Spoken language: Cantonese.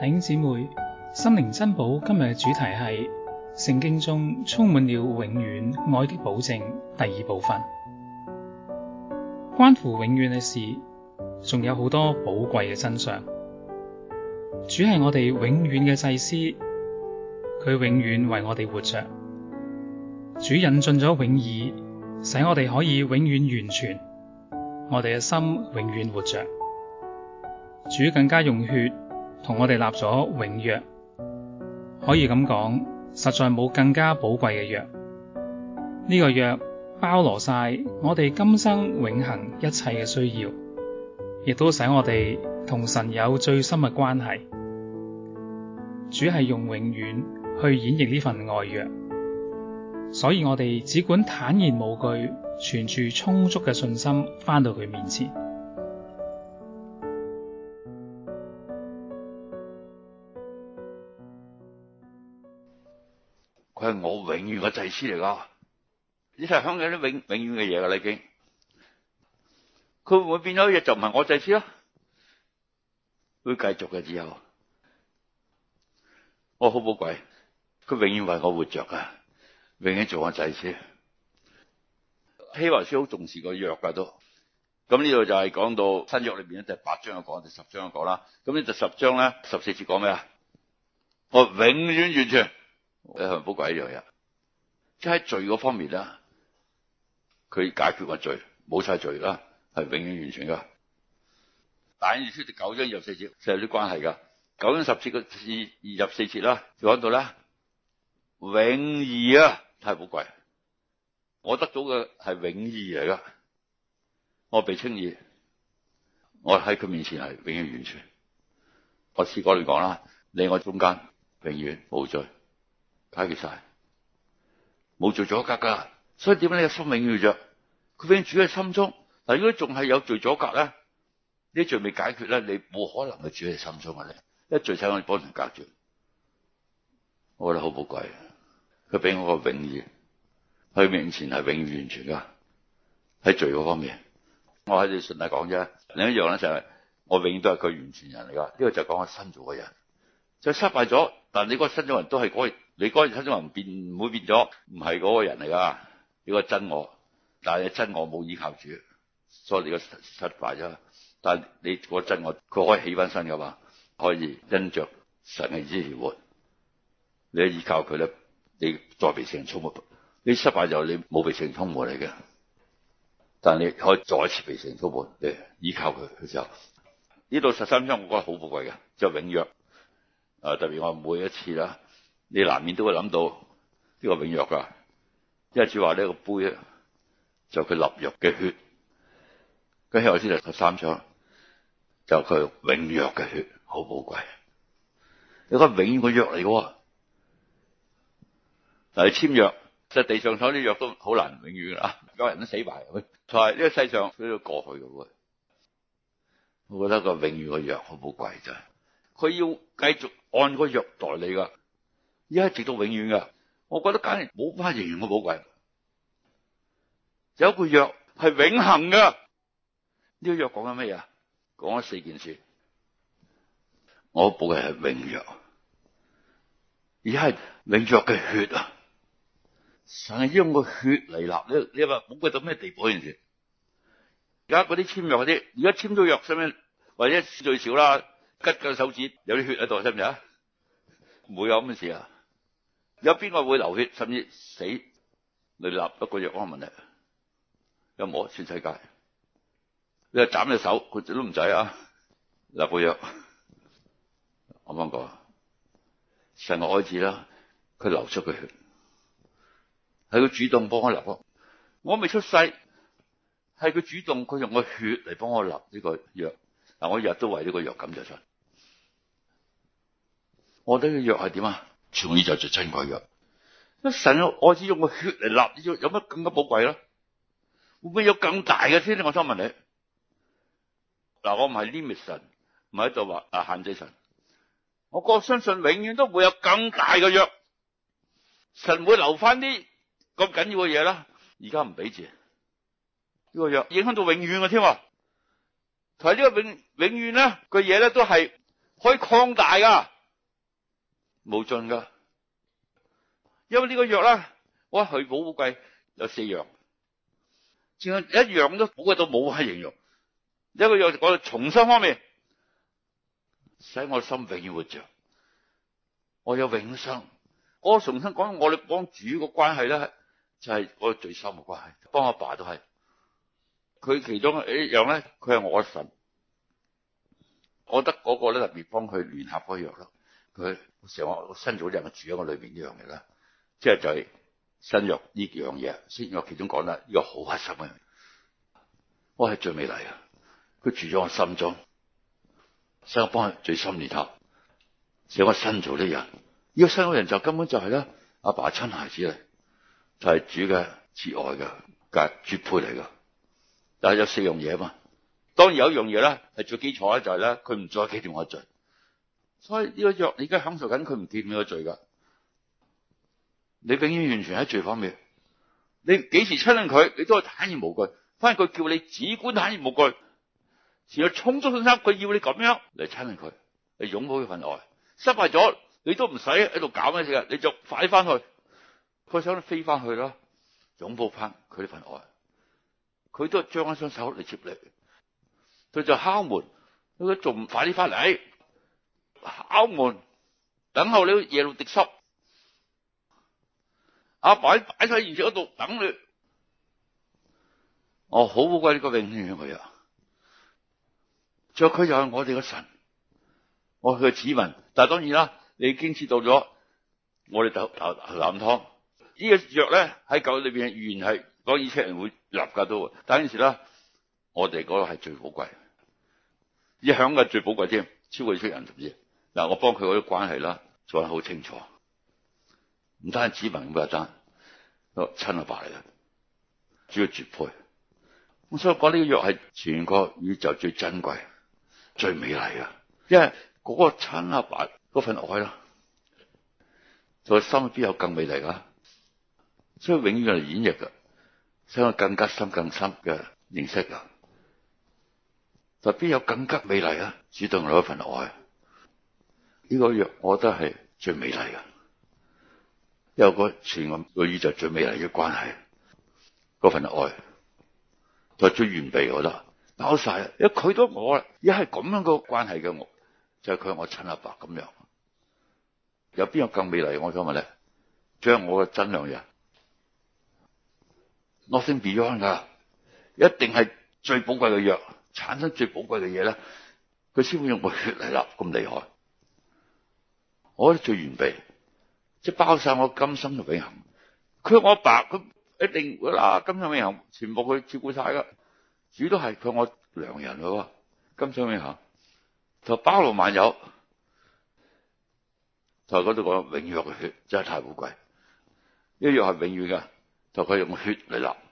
弟兄姊妹，心靈珍寶今日嘅主題係《聖經》中充滿了永遠愛的保證，第二部分。關乎永遠嘅事，仲有好多寶貴嘅真相。主係我哋永遠嘅祭司，佢永遠為我哋活着。主引進咗永義，使我哋可以永遠完全，我哋嘅心永遠活着。主更加用血。同我哋立咗永約，可以咁講，實在冇更加寶貴嘅約。呢、這個約包羅晒我哋今生永恒一切嘅需要，亦都使我哋同神有最深嘅關係。主係用永遠去演繹呢份愛約，所以我哋只管坦然無懼，存住充足嘅信心，返到佢面前。係我永遠嘅祭司嚟噶，呢啲係香港啲永永遠嘅嘢噶啦已經。佢會唔會變咗嘢就唔係我祭司咯？會繼續嘅之後我好寶貴，佢永遠為我活着噶，永遠做我祭司。希伯來書好重視個約噶都。咁呢度就係講到新約裏邊咧，第八章有講，第十章有講啦。咁呢就十章咧，十四節講咩啊？我永遠完全。你係富貴一樣嘢，即喺罪嗰方面啦，佢解決個罪，冇晒罪啦，係永遠完全噶。但係要出到九章二十四節，就有啲關係噶。九章十節二四個二十四節啦，就講到咧，永義啊，太寶貴。我得到嘅係永義嚟噶，我被稱義，我喺佢面前係永遠完全的。我試過你講啦，你我中間永遠冇罪。解決晒，冇罪阻隔噶，所以點解你嘅心永遠要着佢永住喺心中？但如果仲係有罪阻隔咧，呢罪未解決咧，你冇可能佢住喺心中嘅咧。一罪使我哋幫人隔住，我覺得好寶貴。佢俾我個永譽，佢面前係永遠完全噶喺罪嗰方面。我喺度順帶講啫，另一樣咧就係我永遠都係佢完全人嚟噶。呢、這個就講我新造嘅人，就失敗咗。但你嗰個新造人都係可以。你嗰日，習總理唔變，唔會變咗，唔係嗰個人嚟㗎。你個真我，但係你真我冇依靠住，所以你個失敗咗。但係你個真我，佢可以起翻身㗎嘛？可以因着神而活。你依靠佢咧，你再被成寵物。你失敗就你冇被成寵物嚟嘅，但係你可以再一次被成寵物，你依靠佢嘅時候，呢度十三章我覺得好寶貴嘅，就永約。啊，特別我每一次啦。你難免都會諗到呢、這個永約㗎。一次話呢個杯就佢、是、立約嘅血，跟後先嚟十三章就佢、是、永約嘅血，好寶貴。你覺得永遠嘅約嚟喎？但係簽約，實地上台啲約都好難永遠㗎啊！人都死埋，同埋呢個世上佢都過去㗎喎。我覺得個永遠嘅約好寶貴啫。佢要繼續按個約代理㗎。而家直到永遠嘅，我覺得簡直冇花一樣嘅寶貴。有一個約係永恆嘅，呢個約講緊乜嘢？講咗四件事。我補嘅係永約，而家係永約嘅血啊！神係用個血嚟立呢？你話寶貴到咩地步的？呢件事，而家嗰啲簽約嗰啲，而家簽咗約使唔使？或者最少啦，吉個手指有啲血喺度，使唔使？唔會有咁嘅事啊！有邊個會流血，甚至死？你立一個約安問你有冇全世界？你話斬隻手，佢都唔使啊，立個約。我唔啱講？成個開始啦，佢流出個血，係佢主動幫我立。我未出世，係佢主動，佢用個血嚟幫我立呢個約。嗱，我日都為呢個約咁就出。我得個約係點啊？全部就最珍貴嘅。神我只用個血嚟立，有乜更加寶貴咯？會唔會有更大嘅先？我想問你。嗱，我唔係 limit 神，唔係喺度話啊限制神。我個相信永遠都會有更大嘅約。神會留翻啲咁緊要嘅嘢啦。而家唔俾字呢，這個約影響到永遠嘅添。但係呢個永永遠咧嘅嘢咧，都係可以擴大噶。冇盡噶，因為呢個藥我去保寶貴，有四樣，仲有一樣都寶貴都冇可形容。一個藥我重生方面，使我心永遠活着，我有永生。我重新講我哋幫主個關係咧，就係、是、我最深嘅關係，幫阿爸,爸都係。佢其中一樣咧，佢係我嘅神，我覺得嗰個咧特別幫佢聯合嗰個藥咯。佢成個新造啲人住喺我裏邊呢樣嘢啦，即係就係新約呢樣嘢啊！新約其中講得呢個好核心嘅，我係最美麗啊！佢住咗我心中，使我幫佢最心連心。成個新造啲人，呢、這個新造人就根本就係、是、咧，阿爸親孩子嚟，就係主嘅摯愛嘅隔絕配嚟噶。但係有四樣嘢嘛，當然有一樣嘢咧係最基礎咧，就係咧佢唔再嘅嘢我做。.所以呢個約你而家享受緊，佢唔見呢個罪噶。你永遠完全喺罪方面，你幾時親近佢，你都坦然無懼；反而佢叫你只管坦然無懼，有充足信心。佢要你咁樣嚟親近佢，嚟擁抱佢份愛。失敗咗，你都唔使喺度搞咩嘢，你就快啲翻去。佢想你飛翻去咯，擁抱翻佢呢份愛。佢都係將一雙手嚟接你。佢就敲門，佢仲唔快啲翻嚟。敲門等候了耶路滴收阿擺擺喺現場嗰度等你。哦，好寶貴呢個永遠嘅約，再佢就係我哋嘅神，我嘅子民。但係當然啦，你已經知道咗，我哋豆豆啖湯呢個約咧喺舊裏邊原係講以色列人會立噶都，但係呢時啦，我哋嗰個係最寶貴，要響嘅最寶貴添，超過以色列人甚至。嗱，我幫佢嗰啲關係啦，做得好清楚。唔單止文咁嘅爭，親阿爸嚟嘅，主要絕配。我想講呢個藥係全個宇宙最珍貴、最美麗嘅，因為嗰個親阿爸嗰份愛咯，在心入邊有更美麗噶，所以永遠係演繹噶，想更加深、更深嘅認識噶，就邊有更加美麗啊！主動我一份愛。呢、這個藥我覺得係最美麗嘅，有個全個宇宙最美麗嘅關係，嗰份愛，就最完備。我覺得，包晒，因為佢都我啦，亦係咁樣個關係嘅我，就係、是、佢我親阿爸咁樣。又有邊個更美麗？我想問咧，將我嘅真良藥，Nothing Beyond 噶，一定係最寶貴嘅藥，產生最寶貴嘅嘢咧，佢先會用個血嚟啦，咁厲害。我最完備，即係包晒我今生嘅永恒。佢我阿爸，爸，佢一定會啦，今生永恒全部佢照顧晒噶。主都係佢我良人咯，今生永恒就包羅萬有。就嗰度講，永約嘅血真係太寶貴，一樣係永遠嘅，就佢用血嚟立。